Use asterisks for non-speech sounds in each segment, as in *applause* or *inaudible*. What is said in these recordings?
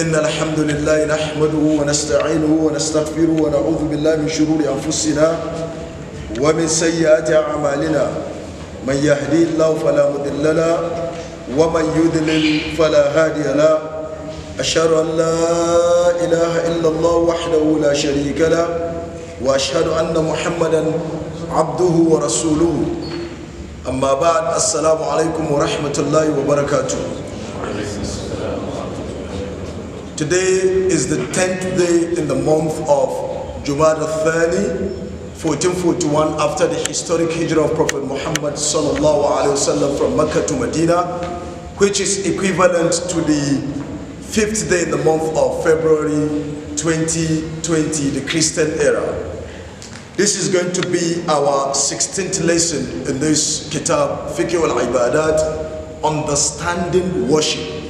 إن الحمد لله نحمده ونستعينه ونستغفره ونعوذ بالله من شرور أنفسنا ومن سيئات أعمالنا من يهدي الله فلا مضل له ومن يضلل فلا هادي له أشهد أن لا إله إلا الله وحده لا شريك له وأشهد أن محمدا عبده ورسوله أما بعد السلام عليكم ورحمة الله وبركاته Today is the 10th day in the month of Jumada al-Thani, 1441 after the historic hijrah of Prophet Muhammad sallallahu from Mecca to Medina, which is equivalent to the fifth day in the month of February 2020, the Christian era. This is going to be our 16th lesson in this Kitab Fiqh al-Ibadat, Understanding Worship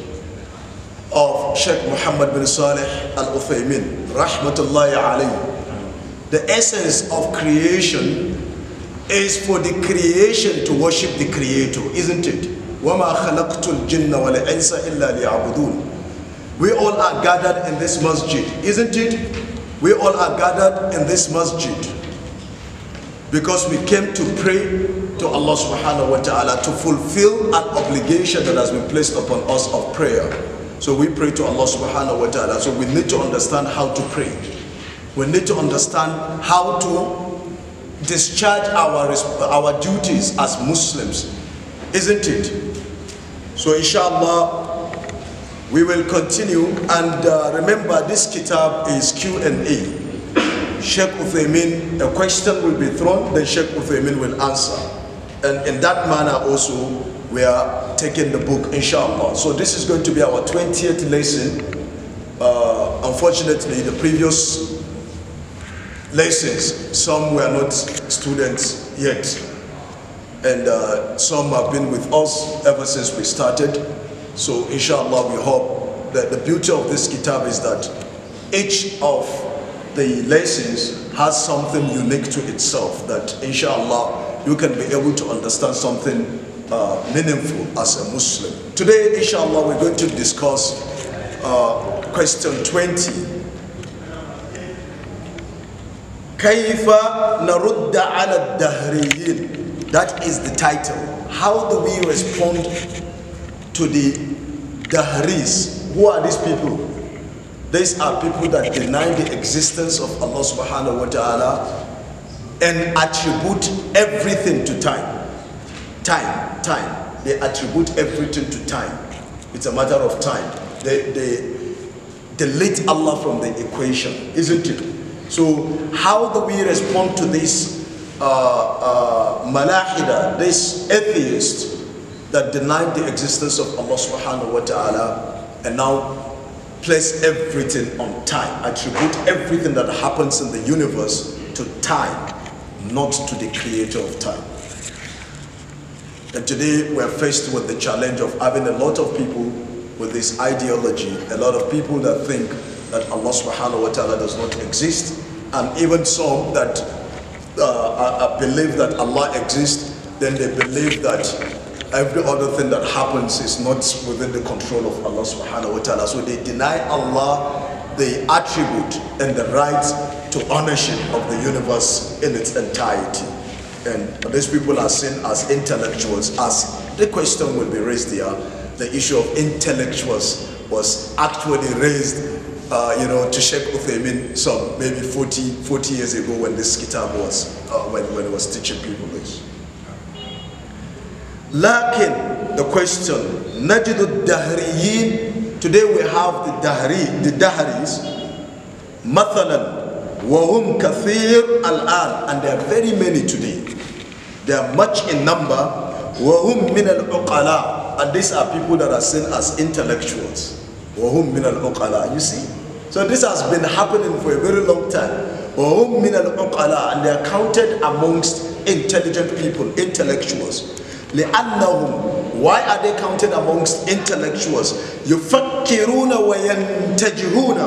of Sheikh Muhammad bin Saleh Al ufaymin rahmatullahi alayhi. The essence of creation is for the creation to worship the Creator, isn't it? وَمَا خَلَقْتُ الْجِنَّ وَالْإِنسَ إِلَّا لِيَعْبُدُونَ We all are gathered in this masjid, isn't it? We all are gathered in this masjid because we came to pray to Allah subhanahu wa ta'ala to fulfill an obligation that has been placed upon us of prayer. So we pray to Allah subhanahu wa ta'ala. So we need to understand how to pray. We need to understand how to discharge our, our duties as Muslims. Isn't it? So inshallah, we will continue. And uh, remember, this kitab is Q&A. Sheikh Uthaymin, a question will be thrown, then Sheikh Uthaymin will answer. And in that manner also, we are taking the book inshallah so this is going to be our 20th lesson uh, unfortunately the previous lessons some were not students yet and uh, some have been with us ever since we started so inshallah we hope that the beauty of this kitab is that each of the lessons has something unique to itself that inshallah you can be able to understand something uh, meaningful as a Muslim. Today, inshallah, we're going to discuss uh, question 20. Kaifa narudda على الدهريين That is the title. How do we respond to the dahris? Who are these people? These are people that deny the existence of Allah subhanahu wa ta'ala and attribute everything to time. Time, time. They attribute everything to time. It's a matter of time. They, they delete Allah from the equation, isn't it? So how do we respond to this uh, uh, this atheist that denied the existence of Allah subhanahu wa ta'ala and now place everything on time, attribute everything that happens in the universe to time, not to the creator of time. And today we are faced with the challenge of having a lot of people with this ideology, a lot of people that think that Allah subhanahu wa ta'ala does not exist, and even some that uh, believe that Allah exists, then they believe that every other thing that happens is not within the control of Allah subhanahu wa ta'ala. So they deny Allah the attribute and the right to ownership of the universe in its entirety and these people are seen as intellectuals, as the question will be raised here, the issue of intellectuals was actually raised, uh, you know, to shape Uthaymin some maybe 40, 40 years ago when this kitab was, uh, when, when it was teaching people this. Lakin, the question, Najidu Dahriyin, today we have the Dahri, the Dahris, مثلاً وهم كثير الآن and there are very many today they are much in number وهم من العقلاء and these are people that are seen as intellectuals وهم من العقلاء you see so this has been happening for a very long time وهم من العقلاء and they are counted amongst intelligent people intellectuals لأنهم why are they counted amongst intellectuals يفكرون وينتجهون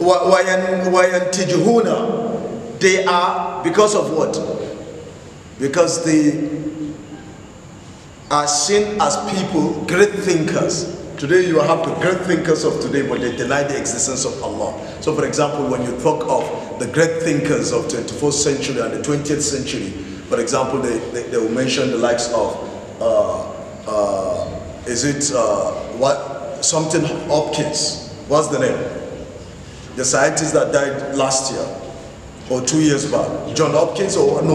وَيَنْتِجْهُونَ They are, because of what? Because they are seen as people, great thinkers. Today you have the great thinkers of today, but they deny the existence of Allah. So for example, when you talk of the great thinkers of 21st century and the 20th century, for example, they, they, they will mention the likes of, uh, uh, is it, uh, what, something Hopkins, what's the name? the scientist that died last year or two years back, John Hopkins or no,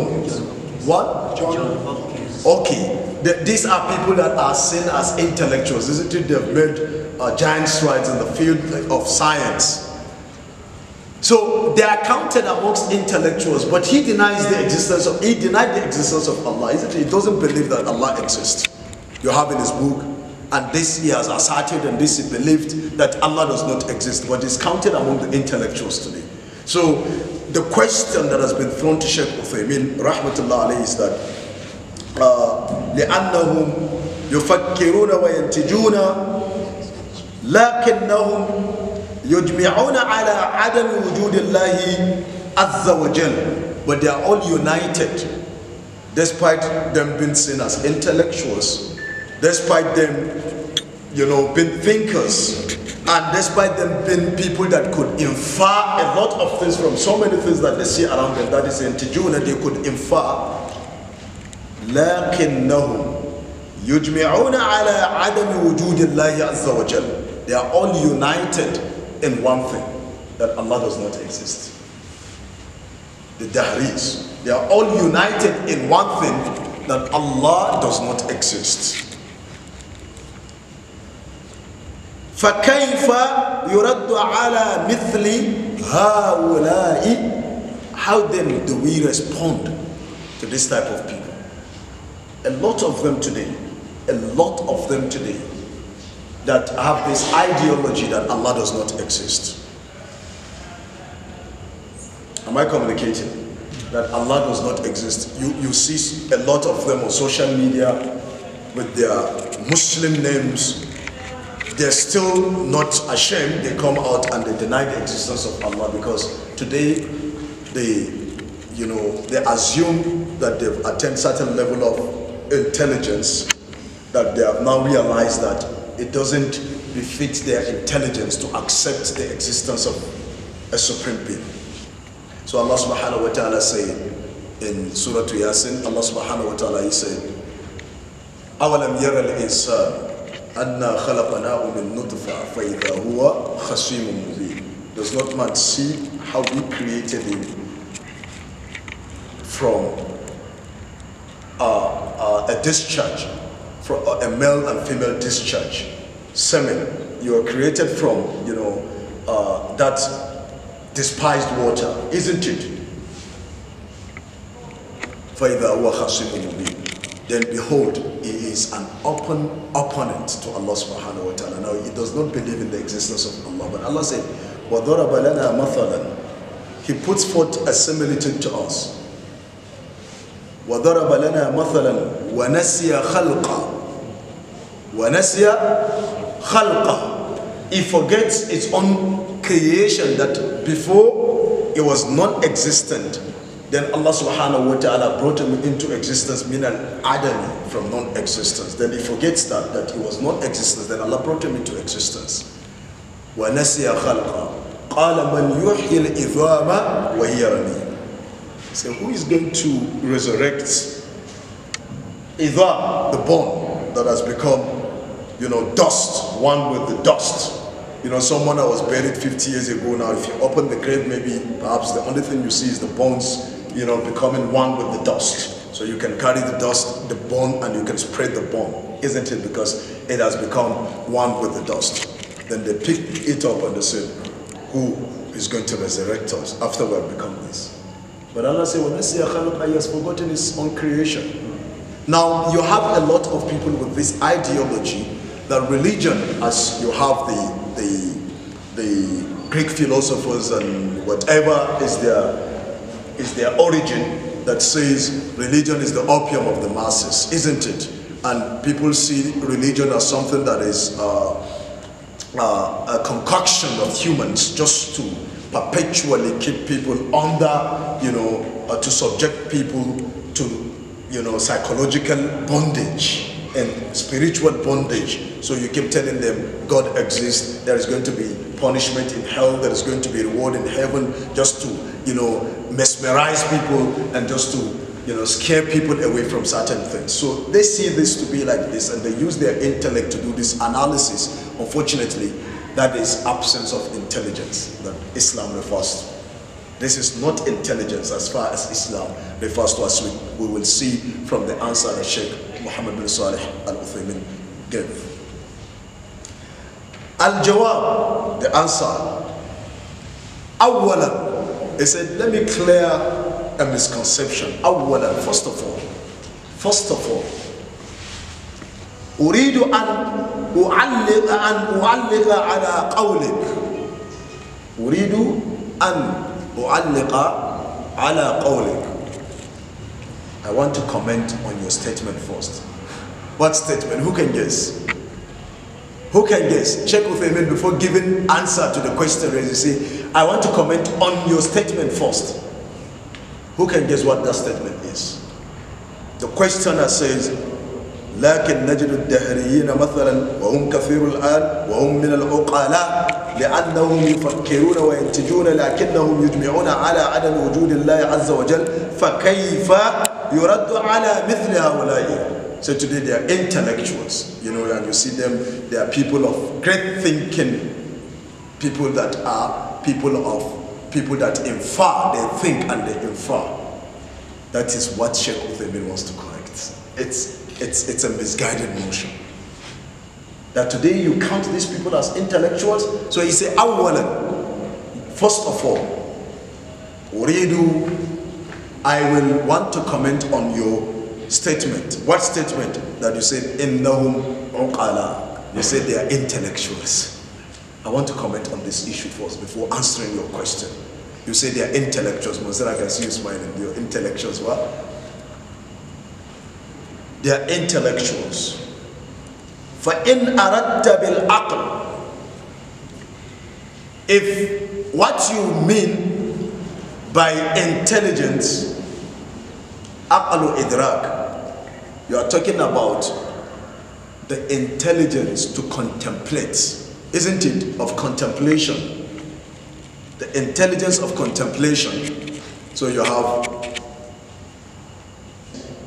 what? John Hopkins. Okay, the, these are people that are seen as intellectuals, isn't it? They've made uh, giant strides in the field of science. So they are counted amongst intellectuals, but he denies the existence of he denied the existence of Allah, isn't it? He doesn't believe that Allah exists. You have in his book and this he has asserted and this he believed that Allah does not exist, but is counted among the intellectuals today. So the question that has been thrown to Sheikh Uthaymeen rahmatullah alayhi is that uh, لأنهم يفكرون وينتجون لكنهم يجمعون على عدم وجود الله عز وجل but they are all united despite them being seen as intellectuals despite them, you know, being thinkers, and despite them being people that could infer a lot of things from so many things that they see around them, that is in Tijuna, they could infer, لكنهم يجمعون على عدم وجود الله عز وجل. They are all united in one thing, that Allah does not exist. The Dahris, they are all united in one thing, that Allah does not exist. فكيف يرد على مثل هؤلاء how then do we respond to this type of people a lot of them today a lot of them today that have this ideology that Allah does not exist am I communicating that Allah does not exist you you see a lot of them on social media with their Muslim names they're still not ashamed. They come out and they deny the existence of Allah because today they, you know, they assume that they've attained certain level of intelligence that they have now realized that it doesn't befit their intelligence to accept the existence of a supreme being. So Allah subhanahu wa ta'ala said in Surah Yasin, Allah subhanahu wa ta'ala he said, أَوَلَمْ يَرَ الْإِنسَانُ does not man see how we created him from uh, uh, a discharge, from uh, a male and female discharge, semen. You are created from, you know, uh, that despised water, isn't it? then behold, he is an open opponent to Allah subhanahu wa ta'ala. Now, he does not believe in the existence of Allah, but Allah said, وَضَرَبَ لَنَا مَثَلًا He puts forth a similitude to us. وَضَرَبَ لَنَا مَثَلًا وَنَسِيَ خَلْقًا وَنَسِيَ خَلْقًا He forgets its own creation that before it was non-existent then Allah subhanahu wa ta'ala brought him into existence, meaning Adam from non existence. Then he forgets that, that he was non existence. Then Allah brought him into existence. وَنَسِيَ قَالَ مَنْ يُحْيِي الْإِذَامَ وَهِيَ So who is going to resurrect idham, the bone that has become, you know, dust, one with the dust? You know, someone that was buried 50 years ago now, if you open the grave, maybe perhaps the only thing you see is the bones you know, becoming one with the dust. So you can carry the dust, the bone, and you can spread the bone, isn't it? Because it has become one with the dust. Then they picked it up and they said, who is going to resurrect us after we have become this? But Allah said, when I say he has forgotten his own creation. Now, you have a lot of people with this ideology that religion, as you have the, the, the Greek philosophers and whatever is their is their origin that says religion is the opium of the masses, isn't it? And people see religion as something that is uh, uh, a concoction of humans just to perpetually keep people under, you know, uh, to subject people to, you know, psychological bondage and spiritual bondage. So you keep telling them God exists, there is going to be punishment in hell, there is going to be reward in heaven, just to, you know, mesmerize people and just to you know, scare people away from certain things. So they see this to be like this and they use their intellect to do this analysis. Unfortunately, that is absence of intelligence that Islam refers to. This is not intelligence as far as Islam refers to us. We, we will see from the answer that Sheikh Muhammad bin Salih al-Uthaymin gave. Al-Jawab, the answer. أولاً he said, let me clear a misconception. أولا, first of all, first of all, أريد أن أعلق أن أعلق على قولك أريد أن أعلق على قولك I want to comment on your statement first. What statement? Who can guess? Who can guess? Check with Amen before giving answer to the question as you see, I want to comment on your statement first. Who can guess what that statement is? The questioner says, لكن نجد الدهريين مثلا وهم كثير الآن وهم من العقلاء لأنهم يفكرون وينتجون لكنهم يجمعون على عدم وجود الله عز وجل فكيف يرد على مثل هؤلاء So today they are intellectuals, you know, and you see them, they are people of great thinking, people that are people of people that infer, they think and they infer. That is what Sheikh Uthaymeen wants to correct. It's, it's, it's a misguided notion. That today you count these people as intellectuals. So he said, Awalan, first of all, Uridu, I will want to comment on your statement. What statement? That you said, إِنَّهُمْ ala? You said they are intellectuals. I want to comment on this issue first before answering your question. You say they are intellectuals. Mozart, I can see you smiling. They are intellectuals. What? They are intellectuals. فَإِنْ bil aql. If what you mean by intelligence, aqlu إِدْرَاكِ you are talking about the intelligence to contemplate, isn't it? Of contemplation. The intelligence of contemplation. So you have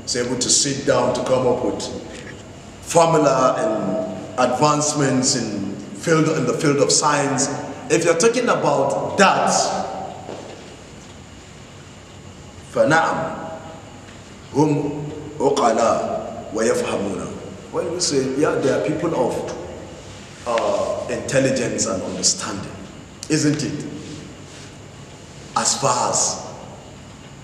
it's able to sit down to come up with formula and advancements in field in the field of science. If you're talking about that, فنعم هم عقلاء وَيَفْهَمُونَ When we say, yeah, they are people of uh, intelligence and understanding, isn't it? As far as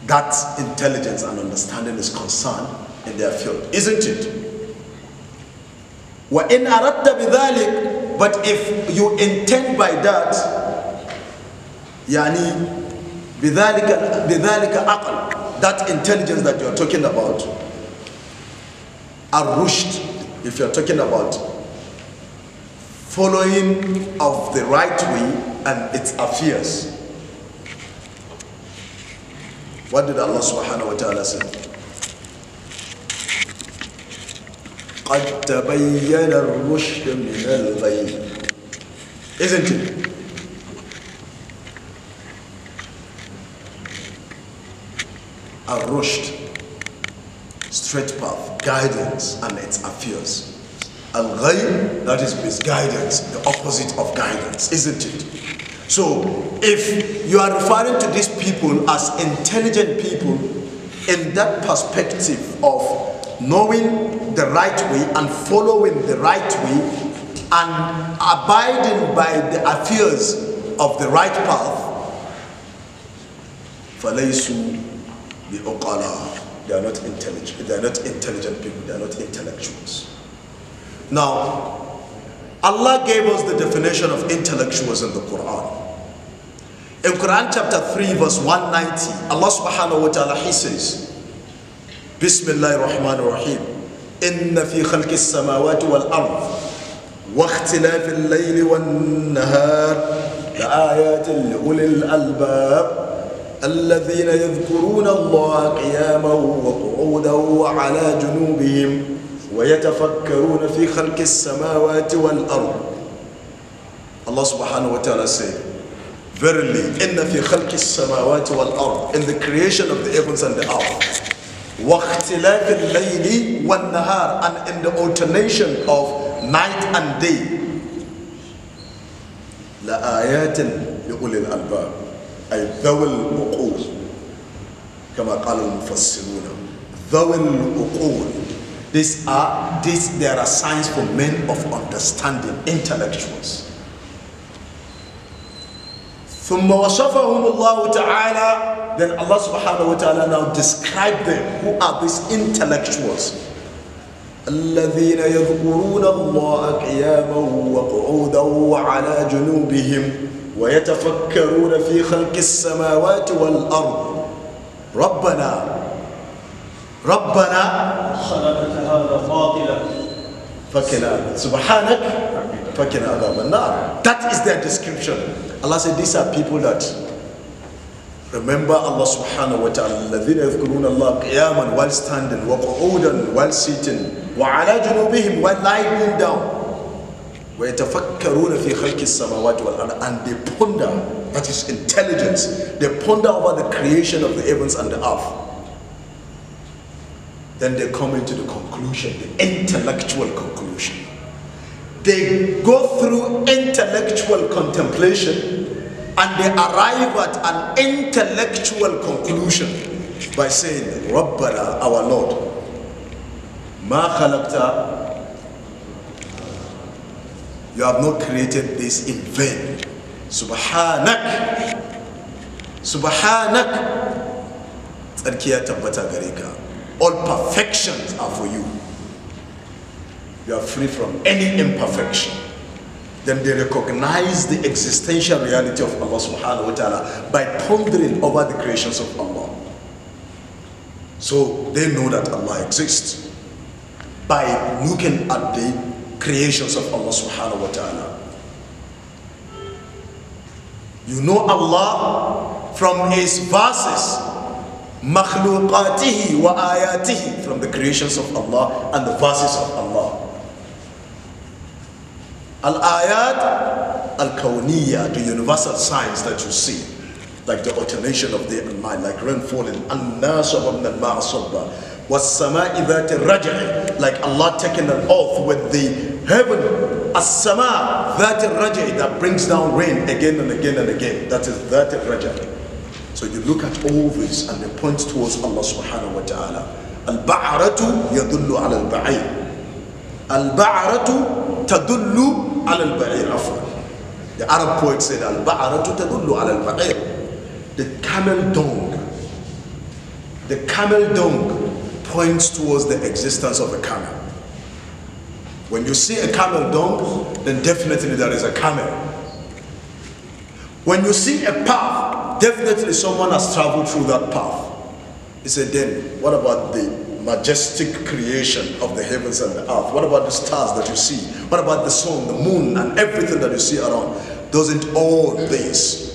that intelligence and understanding is concerned in their field, isn't it? وَإِنْ أَرَدْتَ بِذَلِكَ But if you intend by that, يعني بذلك بذلك عقل that intelligence that you are talking about Arusht, if you're talking about following of the right way and its affairs. What did Allah subhanahu wa ta'ala say? قَدْ تَبَيَّنَ الرُّشْدُ مِنَ الْغَيِّ Isn't it? al straight path, guidance, and its affairs. Al ghayb, that is misguidance, the opposite of guidance, isn't it? So, if you are referring to these people as intelligent people in that perspective of knowing the right way and following the right way and abiding by the affairs of the right path, فَلَيْسُوا بِأُقَلَاءَ they are not intelligent. They are not intelligent people. They are not intellectuals. Now, Allah gave us the definition of intellectuals in the Quran. In Quran chapter 3 verse 190, Allah subhanahu wa ta'ala, He says, Bismillah ar-Rahman ar-Rahim, Inna fi khalqi samawati wal-ard, wa al-nahar الليل والنهار لآيات لأولي albab الذين يذكرون الله قياما وقعودا وعلى جنوبهم ويتفكرون في خلق السماوات والأرض الله سبحانه وتعالى ta'ala said, Verily, in the khalqi samawati wal ard, in the creation of the heavens and the earth, واختلاف الليل والنهار, and in the alternation of night and day, لآيات يقول الألباب. أي ذوي العقول كما قال المفسرون ذوي العقول these are these there are signs for men of understanding intellectuals ثم وصفهم الله تعالى then Allah subhanahu wa ta'ala now described them who are these intellectuals الذين يذكرون الله قياما وقعودا وعلى جنوبهم ويتفكرون في خلق السماوات والأرض ربنا ربنا خلقت هذا فاضلا فكنا سبحانك فكنا عذاب النار that is their description Allah said these are people that remember Allah subhanahu wa ta'ala الذين يذكرون الله قياما while standing وقعودا while sitting وعلى جنوبهم while lying down وَيَتَفَكَّرُونَ فِي خَلْقِ السَّمَاوَاتِ وَالْأَرْضِ And they ponder, that is intelligence, they ponder over the creation of the heavens and the earth. Then they come into the conclusion, the intellectual conclusion. They go through intellectual contemplation and they arrive at an intellectual conclusion by saying, Rabbana, our Lord, ma khalaqta you have not created this in vain. Subhanak. Subhanak. All perfections are for you. You are free from any imperfection. Then they recognize the existential reality of Allah subhanahu wa ta'ala by pondering over the creations of Allah. So they know that Allah exists by looking at the creations of Allah subhanahu wa ta'ala. You know Allah from His verses, makhluqatihi wa ayatihi, from the creations of Allah and the verses of Allah. Al-ayat al-kawniyya, the universal signs that you see, like the alternation of day and night, like rain falling, al-nasab al-ma'asabba, was-sama'i like Allah taking an oath with the heaven, as-sama, that raja that brings down rain again and again and again. That is that raja. So you look at all this and it points towards Allah subhanahu wa ta'ala. Al-ba'aratu yadullu ala al-ba'ir. Al-ba'aratu tadullu ala al-ba'ir afra. The Arab poet said, Al-ba'aratu tadullu ala al-ba'ir. The camel dung. The camel dung points towards the existence of a camel. When you see a camel dung, then definitely there is a camel. When you see a path, definitely someone has traveled through that path. He said, then what about the majestic creation of the heavens and the earth? What about the stars that you see? What about the sun, the moon, and everything that you see around? Doesn't all this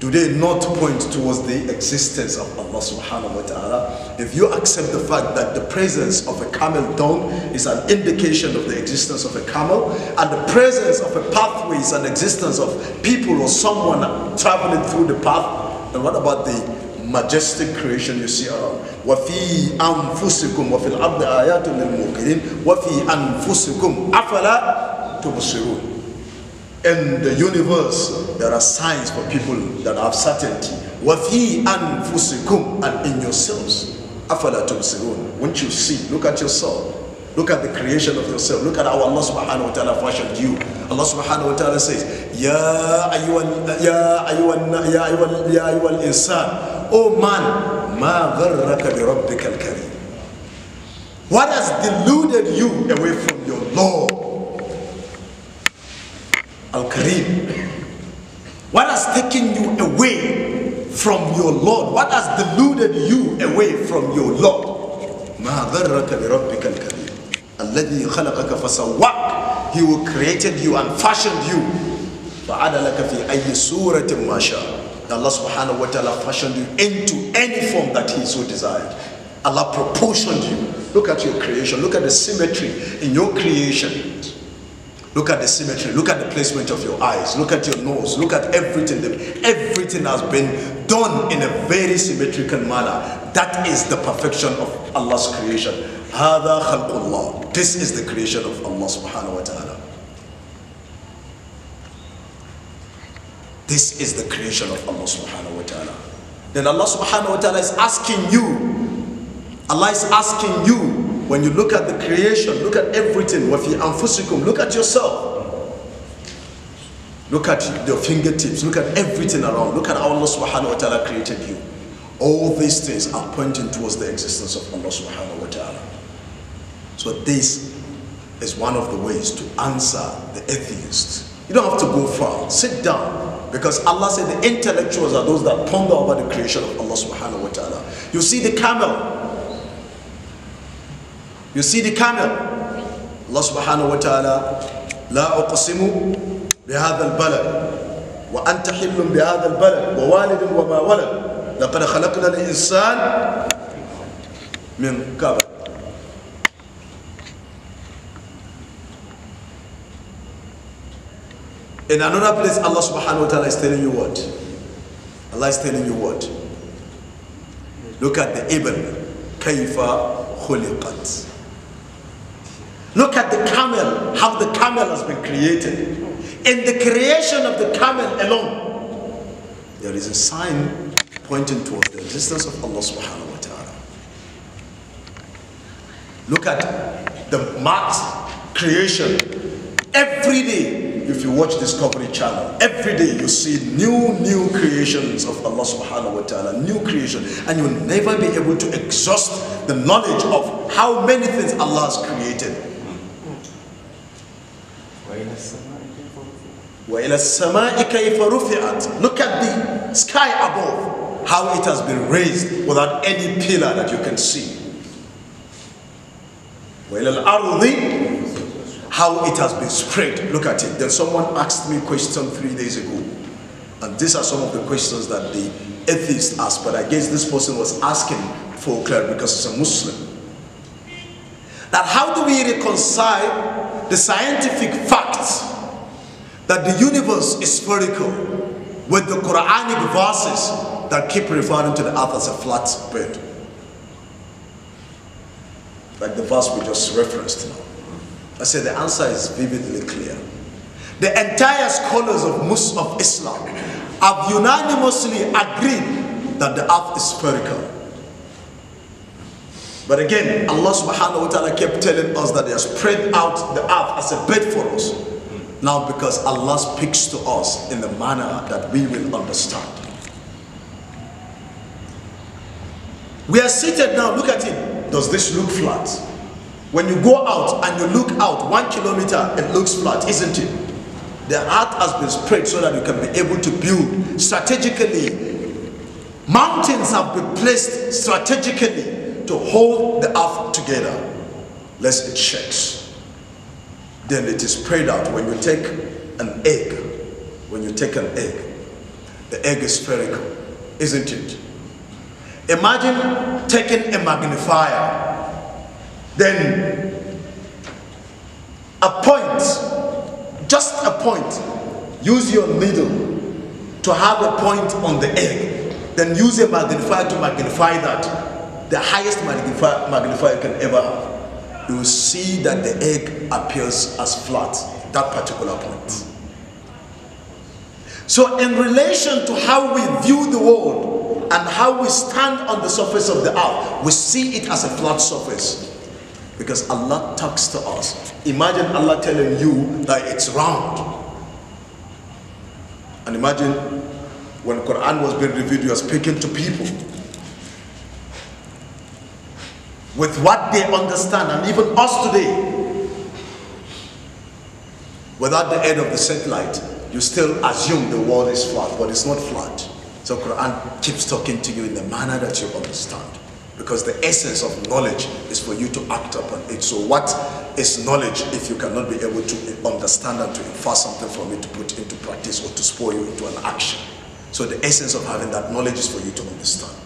do they not point towards the existence of Allah subhanahu wa ta'ala? If you accept the fact that the presence of a camel dung is an indication of the existence of a camel, and the presence of a pathway is an existence of people or someone traveling through the path, then what about the majestic creation you see around? وَفِي أَنفُسِكُمْ وَفِي الْعَبْدِ آيَاتٌ لِلْمُوقِنِينَ وَفِي أَنفُسِكُمْ أَفَلَا تُبْصِرُونَ in the universe, there are signs for people that have certainty. وَفِي He And in yourselves. أَفَلَا تُبْصِرُونَ Won't you see? Look at yourself. Look at the creation of yourself. Look at how Allah subhanahu wa ta'ala fashioned you. Allah subhanahu wa ta'ala says, Ya ayyuhal ya ayyuhal ya ayyuhal ya ayyuhal insan. Oh man, ma gharraka bi rabbikal karim. What has deluded you away from your Lord? Al-Karim. What has taken you away from your Lord? What has deluded you away from your Lord? ما غرك بربك الكريم الذي خلقك فسواك He who created you and fashioned you فعدلك في أي سورة ما شاء Allah subhanahu wa ta'ala fashioned you into any form that he so desired. Allah proportioned you. Look at your creation. Look at the symmetry in your creation. Look at the symmetry. Look at the placement of your eyes. Look at your nose. Look at everything. Everything has been done in a very symmetrical manner. That is the perfection of Allah's creation. This is the creation of Allah subhanahu wa ta'ala. This is the creation of Allah subhanahu wa ta'ala. Then Allah subhanahu wa ta'ala is asking you, Allah is asking you when you look at the creation, look at everything, look at yourself. Look at your fingertips, look at everything around, look at how Allah subhanahu wa ta'ala created you. All these things are pointing towards the existence of Allah subhanahu wa ta'ala. So this is one of the ways to answer the atheist. You don't have to go far. Sit down. Because Allah said the intellectuals are those that ponder over the creation of Allah subhanahu wa ta'ala. You see the camel, You see the camel. Allah subhanahu wa ta'ala, لا أقسم بهذا البلد وأنت حل بهذا البلد ووالد وما ولد لقد خلقنا الإنسان من قبل In another place, Allah subhanahu wa ta'ala is telling you what? Allah is telling you what? Look at the Ibn. كيف خلقت Look at the camel, how the camel has been created. In the creation of the camel alone, there is a sign pointing towards the existence of Allah subhanahu wa ta'ala. Look at the marked creation. Every day, if you watch Discovery Channel, every day you see new, new creations of Allah subhanahu wa ta'ala, new creation, and you'll never be able to exhaust the knowledge of how many things Allah has created. وَإِلَى السَّمَاءِ كَيْفَ رُفِعَتْ Look at the sky above, how it has been raised without any pillar that you can see. وَإِلَى الْأَرْضِ How it has been spread. Look at it. Then someone asked me a question three days ago. And these are some of the questions that the atheist asked. But I guess this person was asking for clarity because he's a Muslim. That how do we reconcile the scientific fact that the universe is spherical with the Quranic verses that keep referring to the earth as a flat bed. Like the verse we just referenced now. I say the answer is vividly clear. The entire scholars of Muslim of Islam have unanimously agreed that the earth is spherical. But again, Allah subhanahu wa ta'ala kept telling us that He has spread out the earth as a bed for us. Now because Allah speaks to us in the manner that we will understand. We are seated now, look at it. Does this look flat? When you go out and you look out one kilometer, it looks flat, isn't it? The earth has been spread so that you can be able to build strategically. Mountains have been placed strategically to hold the earth together lest it shakes. Then it is prayed out when you take an egg, when you take an egg, the egg is spherical, isn't it? Imagine taking a magnifier, then a point, just a point, use your needle to have a point on the egg, then use a magnifier to magnify that the highest magnifier, magnifier you can ever have, you will see that the egg appears as flat, that particular point. So in relation to how we view the world and how we stand on the surface of the earth, we see it as a flat surface. Because Allah talks to us. Imagine Allah telling you that it's round. And imagine when Quran was being revealed, you are speaking to people with what they understand, and even us today, without the aid of the satellite, you still assume the world is flat, but it's not flat. So Quran keeps talking to you in the manner that you understand. Because the essence of knowledge is for you to act upon it. So what is knowledge if you cannot be able to understand and to infer something from it to put into practice or to spur you into an action? So the essence of having that knowledge is for you to understand.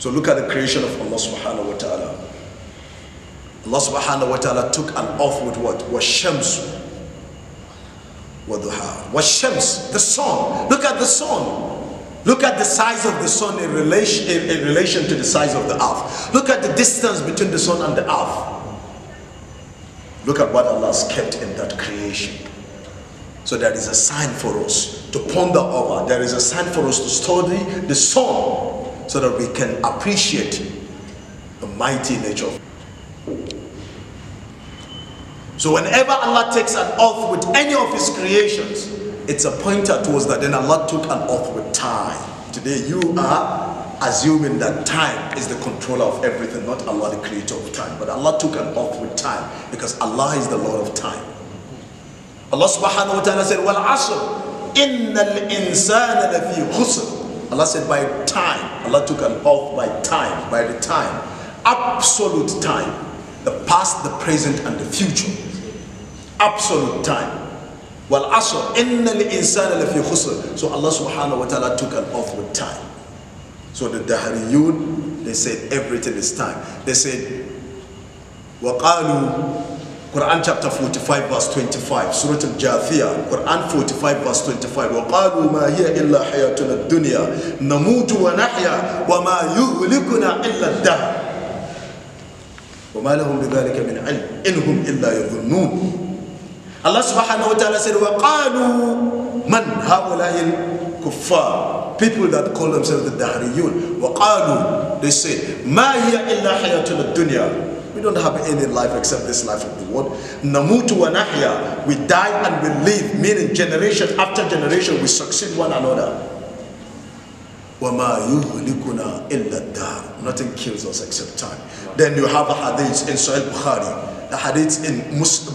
So look at the creation of Allah subhanahu wa ta'ala. Allah subhanahu wa ta'ala took an oath with what? Washamsu. Waduha. Washams, the sun. Look at the sun. Look at the size of the sun in relation, in, in relation to the size of the earth. Look at the distance between the sun and the earth. Look at what Allah has kept in that creation. So there is a sign for us to ponder over. There is a sign for us to study the sun so that we can appreciate the mighty nature of so whenever Allah takes an oath with any of his creations, it's a pointer towards that. Then Allah took an oath with time. Today you are assuming that time is the controller of everything, not Allah the creator of time. But Allah took an oath with time because Allah is the Lord of time. Allah subhanahu wa ta'ala said, "Well, asr, innal insana lafi khusr. Allah said by time, Allah took an oath by time, by the time, absolute time, the past, the present, and the future. Absolute time. Well, asr, inna al-insana lafi khusr. So Allah subhanahu wa ta'ala took an oath with time. So the Dahariyun, they said everything is time. They said, وَقَالُوا Quran chapter 45 verse 25 Surah Al-Jathiyah Quran 45 verse 25 وَقَالُوا مَا هِيَ إِلَّا حَيَاتُنَا الدُّنْيَا نَمُوتُ وَنَحْيَا وَمَا يُهْلِكُنَا إِلَّا الدَّهْرِ وَمَا لَهُمْ بِذَلِكَ مِنْ عِلْمٍ إِنْ هُمْ إِلَّا يَظُنُّونَ Allah subhanahu wa ta'ala said وَقَالُوا مَنْ هَؤُلَاءِ الْكُفَّارِ people that call themselves the Dahriyun وَقَالُوا they said مَا هِيَ إِلَّا حَيَاتُنَا الدُّنْيَا we don't have any life except this life of the world. Namutu wa nahya. We die and we live, meaning generation after generation we succeed one another. Wama yuhlikuna illa dar. Nothing kills us except time. Then you have a hadith in Sahih Bukhari, the hadith in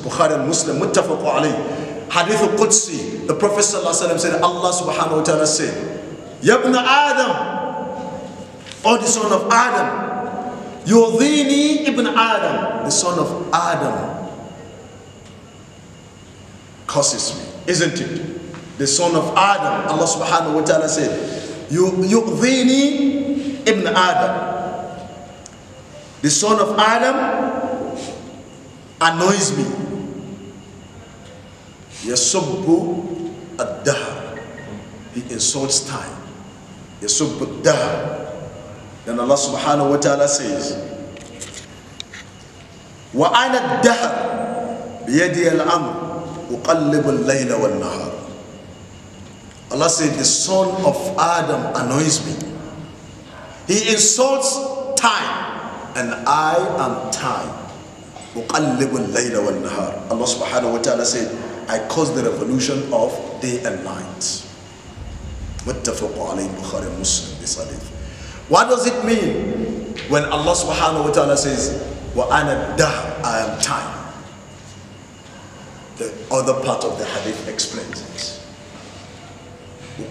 Bukhari and Muslim, muttafaq alayh. Hadith al-Qudsi, the Prophet said, Allah subhanahu wa ta'ala said, Yabna Adam, O the son of Adam, Yudhini ibn Adam, the son of Adam, curses me, isn't it? The son of Adam, Allah subhanahu wa ta'ala said, Yudhini ibn Adam, the son of Adam annoys me. Yasubbu ad-dahr, he insults time. Yasubbu ad-dahr, Then Allah subhanahu wa ta'ala says, وَأَنَا الدَّهَرُ بِيَدِيَ الْأَمْرُ أُقَلِّبُ اللَّيْلَ وَالنَّهَارُ Allah said, the son of Adam annoys me. He insults time, and I am time. أُقَلِّبُ اللَّيْلَ وَالنَّهَارُ Allah subhanahu wa ta'ala said, I cause the revolution of day and night. متفق عليه بُخَارِ مُسْلِمِ بِصَلِيفِ What does it mean when Allah subhanahu wa ta'ala says, Wa ana dah, I am time? The other part of the hadith explains it. I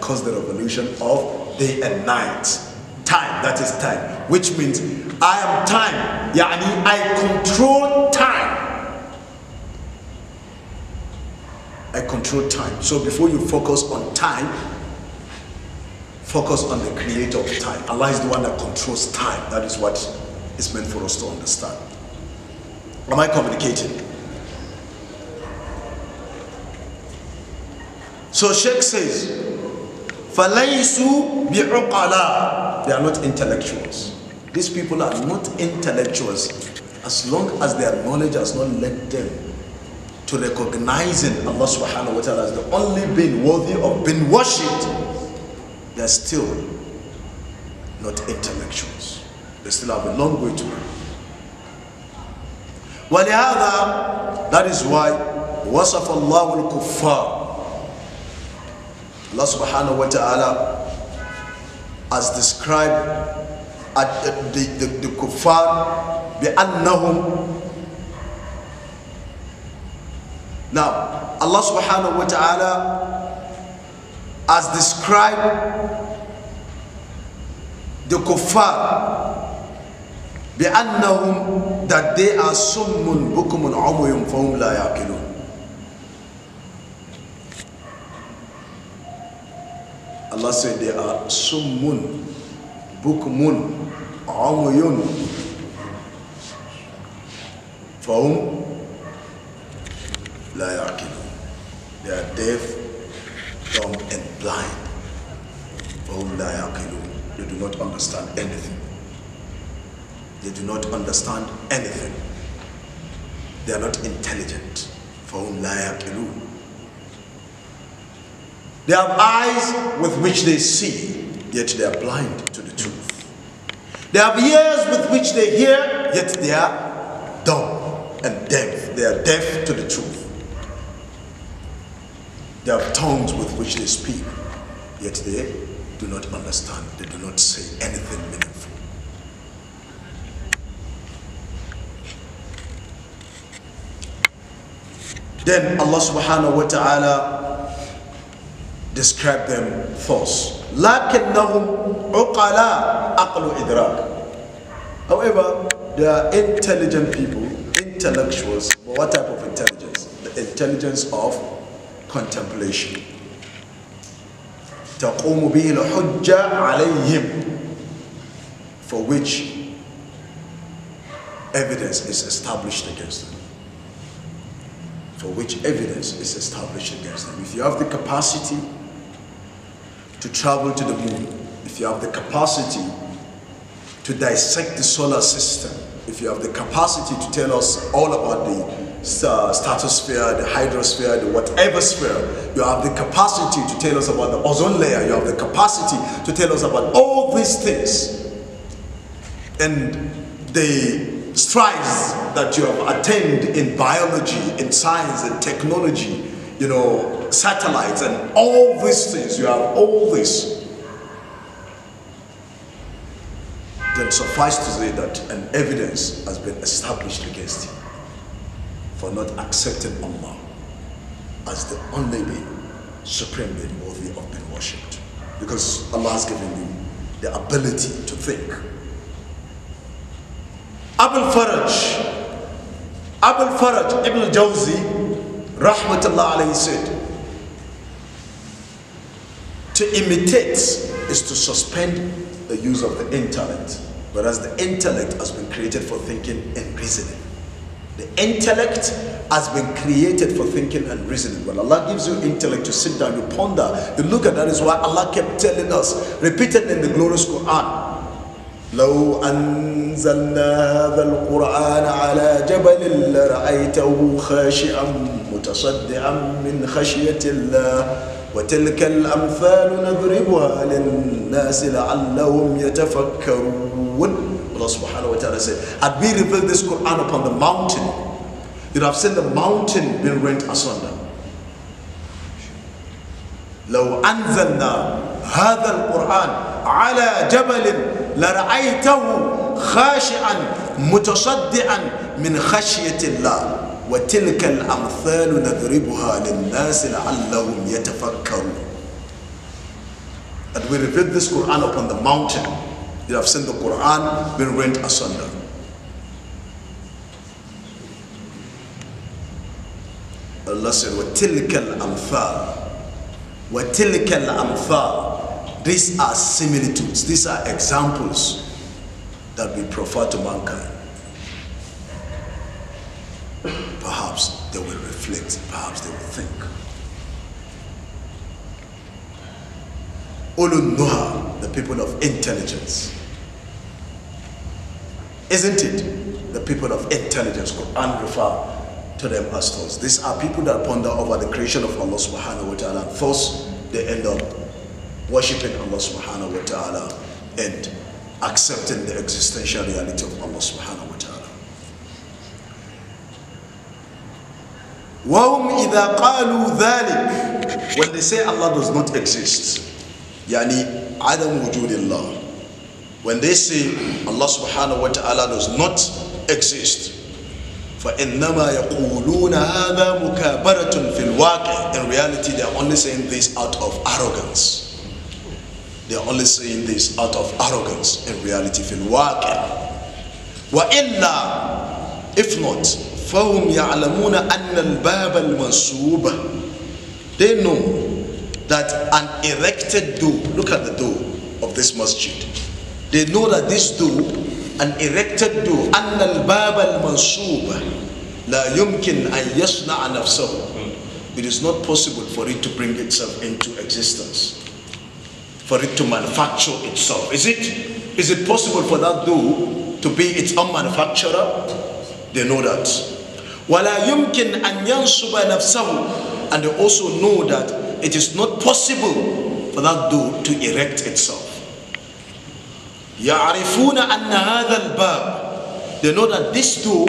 cause the revolution of day and night. Time, that is time. Which means I am time. Yani I control time. I control time. So before you focus on time, focus on the creator of time. Allah is the one that controls time. That is what is meant for us to understand. Am I communicating? So Sheikh says, فَلَيْسُوا بِعُقَلَى They are not intellectuals. These people are not intellectuals as long as their knowledge has not led them to recognizing Allah subhanahu wa ta'ala as the only being worthy of being worshipped they're still not intellectuals. They still have a long way to go. ولهذا that is why وصف الله الكفار Allah subhanahu wa ta'ala has described at the, the, the, the kuffar بأنهم Now, Allah subhanahu wa ta'ala as described the kuffar بأنهم that they are summun bukumun umuyum fahum la yaqilun Allah said they are summun bukumun umuyun fahum la yaqilun they are deaf dumb and blind. They oh, do not understand anything. They do not understand anything. They are not intelligent. for oh, They have eyes with which they see, yet they are blind to the truth. They have ears with which they hear, yet they are dumb and deaf. They are deaf to the truth. They have tongues with which they speak, yet they do not understand. They do not say anything meaningful. Then Allah subhanahu wa ta'ala described them thus. لَكِنَّهُمْ عُقَلَىٰ أَقْلُ idrak." However, they are intelligent people, intellectuals. what type of intelligence? The intelligence of contemplation. تقوم به الحجة عليهم for which evidence is established against them. For which evidence is established against them. If you have the capacity to travel to the moon, if you have the capacity to dissect the solar system, if you have the capacity to tell us all about the uh, stratosphere, the hydrosphere, the whatever sphere. You have the capacity to tell us about the ozone layer. You have the capacity to tell us about all these things. And the strides that you have attained in biology, in science, and technology, you know, satellites and all these things. You have all this. Then suffice to say that an evidence has been established against you for not accepting Allah as the only being being worthy of being worshipped. Because Allah has given you the ability to think. Abul Faraj, Abul Faraj Ibn Jawzi, Rahmatullah alayhi said, to imitate is to suspend the use of the intellect, whereas the intellect has been created for thinking and reasoning. The intellect has been created for thinking and reasoning. Well, Allah gives you intellect to sit down, you ponder, you look at that is why Allah kept telling us, repeated in the glorious Quran. لو أنزلنا هذا القرآن على جبل لرأيته خاشعا متصدعا من خشية الله وتلك الأمثال نضربها للناس لعلهم يتفكرون Allah subhanahu wa ta'ala said, Had we revealed this Quran upon the mountain, you'd have seen the mountain being rent asunder. لو أنزلنا هذا القرآن على جبل لرأيته خاشعا متصدعا من خشية الله وتلك الأمثال نضربها للناس لعلهم يتفكرون. And we revealed this Quran upon the mountain they have seen the Quran been rent asunder. Allah said, وَتِلْكَ الْأَمْثَالِ وَتِلْكَ Amfal. These are similitudes, these are examples that we prefer to mankind. Perhaps they will reflect, perhaps they will think. Ulun Nuha, the people of intelligence. Isn't it? The people of intelligence, Quran refer to them as thoughts. These are people that ponder over the creation of Allah subhanahu wa ta'ala. Thus, they end up worshipping Allah subhanahu wa ta'ala and accepting the existential reality of Allah subhanahu wa ta'ala. When they say Allah does not exist, يعني عدم وجود الله when they say Allah subhanahu wa ta'ala does not exist, فإنما يقولون هذا مكابرة In reality, they are only saying this out of arrogance. They are only saying this out of arrogance. In reality, في وإلا, if not, فهم يعلمون أن الباب المنصوب. They know that an erected door, look at the door of this masjid. They know that this door, an erected door, أن الباب المنصوب لا يمكن أن يصنع نفسه. It is not possible for it to bring itself into existence, for it to manufacture itself. Is it? Is it possible for that door to be its own manufacturer? They know that. ولا يمكن أن ينصب نفسه. And they also know that it is not possible for that door to erect itself. يعرفون أن هذا الباب they know that this door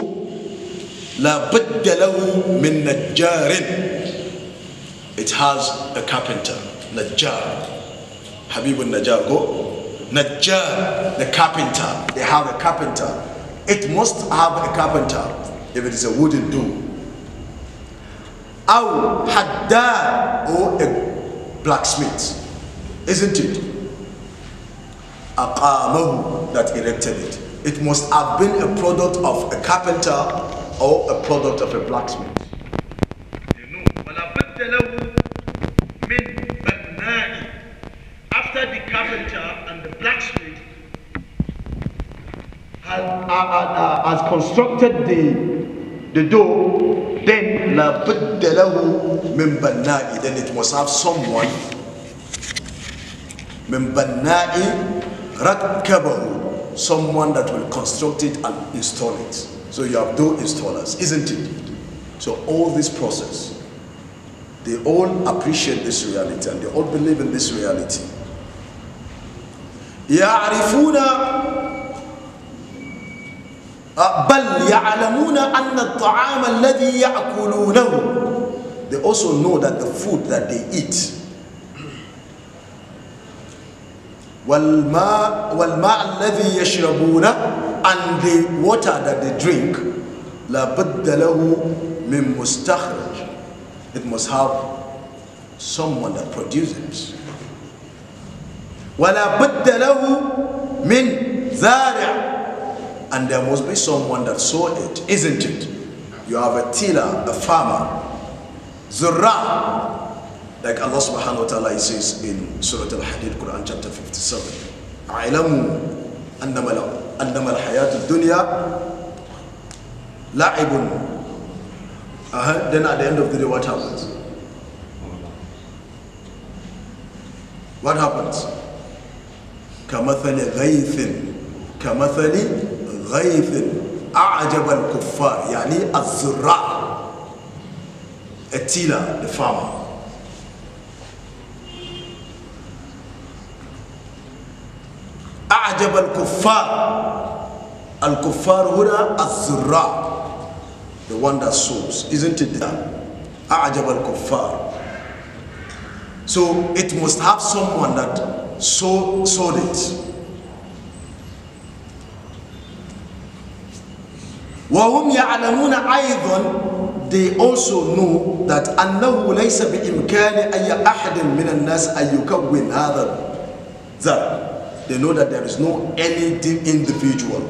لا بد له من نجار it has a carpenter نجار حبيب النجار go Najjar, the carpenter. They have a carpenter. It must have a carpenter if it is a wooden door. أو حداد أو a blacksmith, isn't it? أقامه that erected it. It must have been a product of a carpenter or a product of a blacksmith. After the carpenter and the blacksmith has, uh, uh, uh, has constructed the, the door, then then it must have someone من Rakkabah, someone that will construct it and install it. So you have two installers, isn't it? So all this process, they all appreciate this reality and they all believe in this reality. يعرفون بل يعلمون أن الطعام الذي يأكلونه They also know that the food that they eat والماء والماء الذي يشربونه and the water that they drink لا بد له من مستخرج it must have someone that produces ولا بد له من زارع and there must be someone that saw it isn't it you have a tiller a farmer زراع Like Allah subhanahu wa ta'ala says in Surah Al-Hadid, Quran chapter 57, أعلموا أنما أنما then at the end of the day what happens what happens kamathali كمثل غيث كمثل غيث أعجب الكفار يعني الزراع a tiller the farmer أعجب الكفار الكفار هنا الذراء the one that sows isn't it that أعجب الكفار so it must have someone that sow, sowed it وهم يعلمون أيضا they also know that أنه ليس بإمكان أي أحد من الناس أن يكون هذا الذر they know that there is no any individual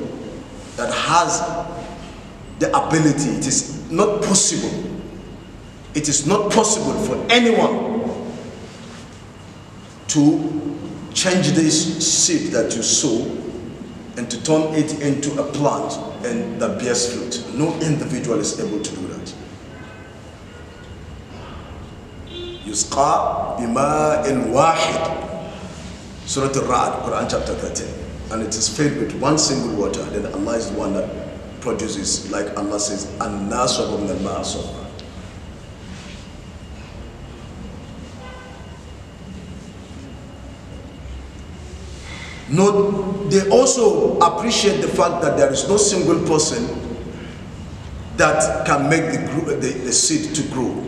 that has the ability. It is not possible. It is not possible for anyone to change this seed that you sow and to turn it into a plant and that bears fruit. No individual is able to do that. يسقى بماء واحد Surah Al-Ra'd, Quran chapter 13. And it is filled with one single water. Then Allah is the one that produces, like Allah says, An-nasabum al No, they also appreciate the fact that there is no single person that can make the, the, the seed to grow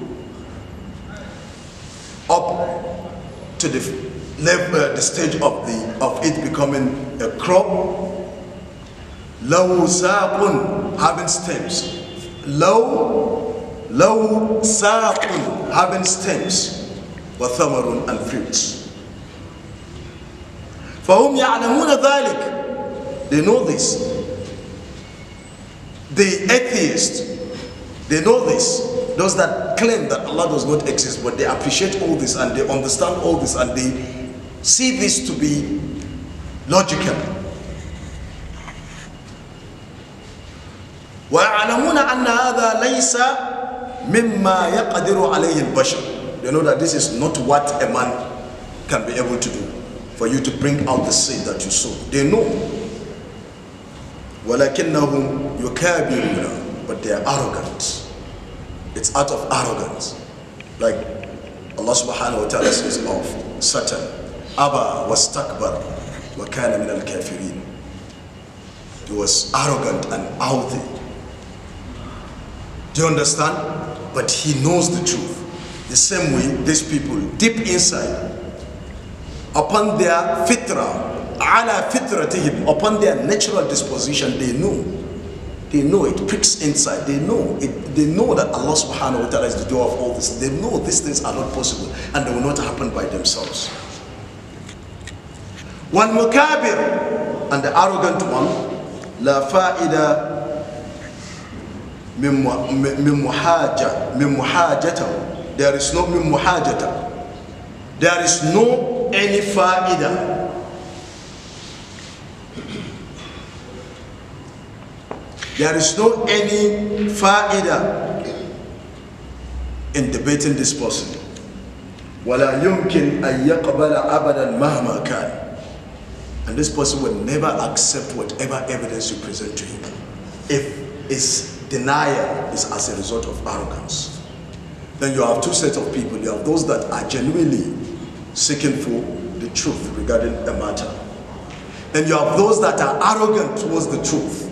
up to the left uh, the stage of the of it becoming a crop. Low sapun having stems. Low, low sapun having stems. وثمر and fruits. فهم يعلمون ذلك. They know this. The atheists, they know this. Those that claim that Allah does not exist, but they appreciate all this and they understand all this and they see this to be logical. وَيَعْلَمُونَ أَنَّ هَذَا لَيْسَ مِمَّا يَقَدِرُ عَلَيْهِ الْبَشَرُ They know that this is not what a man can be able to do for you to bring out the seed that you sow. They know. وَلَكِنَّهُمْ يُكَابِرُونَ But they are arrogant. It's out of arrogance. Like Allah subhanahu wa ta'ala says of Satan. Abba was takbar wa kana min al-kafirin. He was arrogant and haughty. Do you understand? But he knows the truth. The same way these people deep inside, upon their fitra, ala fitratihim, upon their natural disposition, they know. They know it pricks inside. They know it. They know that Allah subhanahu wa ta'ala is the door of all this. They know these things are not possible and they will not happen by themselves. والمكابر and the arrogant one لا فائدة من من محاجة من محاجته there is no من محاجته there is no any فائدة there is no any فائدة in debating this person ولا يمكن أن يقبل أبدا مهما كان And this person will never accept whatever evidence you present to him if his denial is as a result of arrogance. Then you have two sets of people. You have those that are genuinely seeking for the truth regarding a matter. Then you have those that are arrogant towards the truth.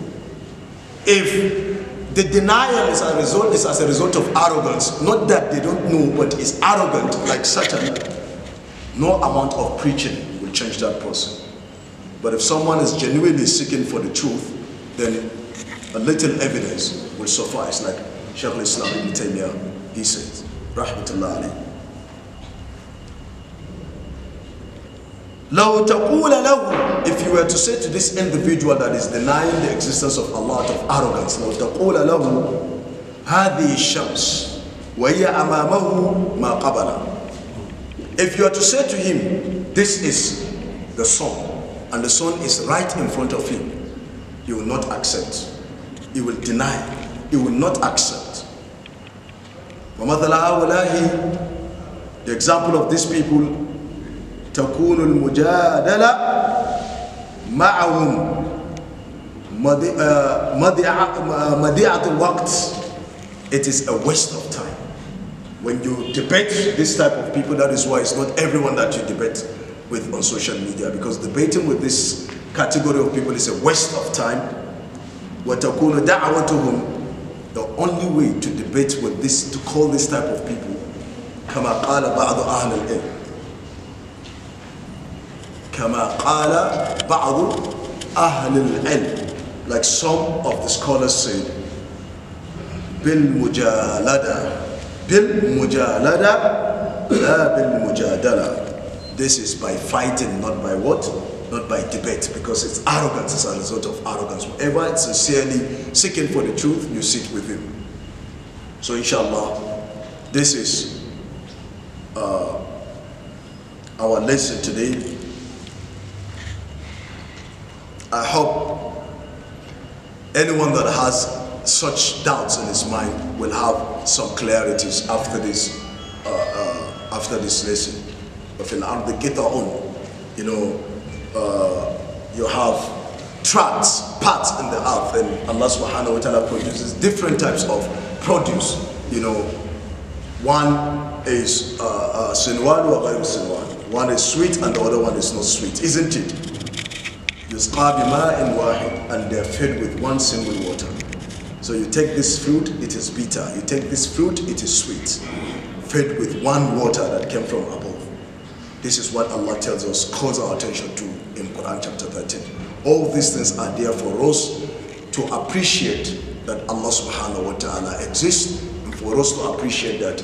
If the denial is, a result, is as a result of arrogance, not that they don't know, but is arrogant like Satan, no amount of preaching will change that person. But if someone is genuinely seeking for the truth, then a little evidence will suffice, like Shaykh al-Islam ibn Taymiyyah, he says, Rahmatullah alayhi. لو تقول له if you were to say to this individual that is denying the existence of Allah of arrogance لو تقول له هذه الشمس وهي أمامه ما قبل if you are to say to him this is the sun and the son is right in front of him, he will not accept. He will deny. He will not accept. The example of these people تكون المجادلة معهم مضيعة الوقت it is a waste of time when you debate this type of people that is why it's not everyone that you debate with on social media because debating with this category of people is a waste of time. to دَعْوَتُهُمْ The only way to debate with this, to call this type of people, كَمَا قَالَ بَعْضُ أَهْلِ الْعِلْمِ كَمَا قَالَ بَعْضُ أَهْلِ الْعِلْمِ Like some of the scholars said, بِالْمُجَالَدَةِ بِالْمُجَالَدَةِ لَا بِالْمُجَادَلَةِ this is by fighting, not by what? Not by debate, because it's arrogance, it's a result of arrogance. Whoever is sincerely seeking for the truth, you sit with him. So inshallah, this is uh, our lesson today. I hope anyone that has such doubts in his mind will have some clarities after this, uh, uh, after this lesson. وفي الأرض قطع you know uh, you have tracts parts in the earth and Allah subhanahu wa ta'ala produces different types of produce you know one is uh, uh, sinwan wa ghayr sinwan one is sweet and the other one is not sweet isn't it yusqa bima'in wahid and they're fed with one single water so you take this fruit it is bitter you take this fruit it is sweet fed with one water that came from above this is what Allah tells us, calls our attention to in Quran chapter 13. All these things are there for us to appreciate that Allah subhanahu wa ta'ala exists and for us to appreciate that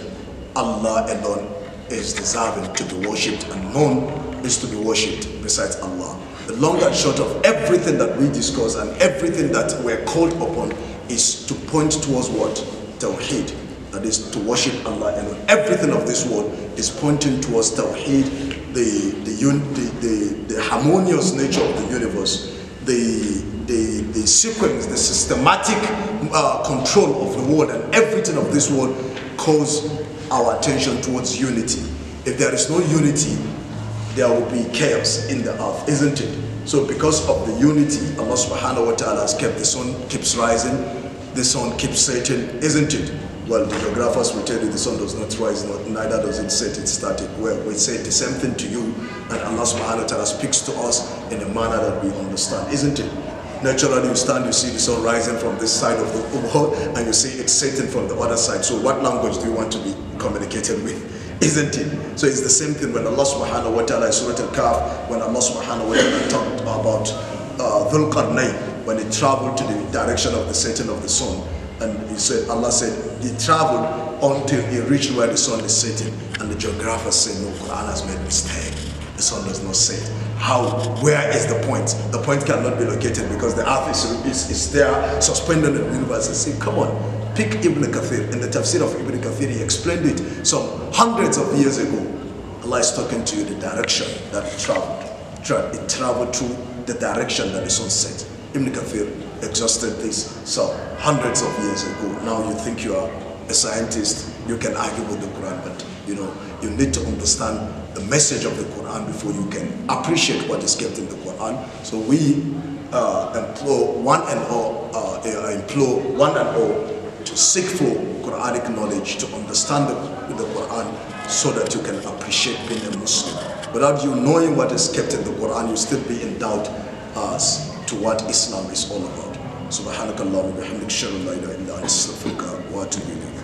Allah alone is deserving to be worshipped and none is to be worshipped besides Allah. The long and short of everything that we discuss and everything that we're called upon is to point towards what? Tawheed. That is to worship Allah alone. Everything of this world is pointing towards Tawheed the, the, the, the, harmonious nature of the universe, the, the, the sequence, the systematic uh, control of the world and everything of this world calls our attention towards unity. If there is no unity, there will be chaos in the earth, isn't it? So because of the unity, Allah subhanahu wa ta'ala has kept the sun keeps rising, the sun keeps setting, isn't it? well, the geographers will tell you the sun does not rise, not, neither does it set, it's static. Well, we say the same thing to you, and Allah subhanahu wa ta'ala speaks to us in a manner that we understand, isn't it? Naturally, you stand, you see the sun rising from this side of the world, and you see it setting from the other side. So what language do you want to be communicated with? *laughs* Isn't it? So it's the same thing when Allah subhanahu wa ta'ala, Surah Al-Kahf, when Allah subhanahu wa ta'ala talked about uh, Dhul Qarnayn, when it traveled to the direction of the setting of the sun, and he said, Allah said, he traveled until he reached where the sun is setting. And the geographers said, no, Quran has made a mistake. The sun does not set. How, where is the point? The point cannot be located because the earth is, is, is there, suspended in the universe. I said, come on, pick Ibn Kathir. In the tafsir of Ibn Kathir, he explained it some hundreds of years ago. Allah is talking to you the direction that it traveled. It traveled through the direction that the sun set. Ibn Kathir existed this so hundreds of years ago. Now you think you are a scientist, you can argue with the Quran, but you know, you need to understand the message of the Quran before you can appreciate what is kept in the Quran. So we uh, implore one and all, uh, implore one and all to seek for Quranic knowledge, to understand the, the Quran so that you can appreciate being a Muslim. Without you knowing what is kept in the Quran, you still be in doubt as to what Islam is all about. subhanakallahumma bihamdika ashhadu an la ilaha illa anta astaghfiruka wa atubu ilayk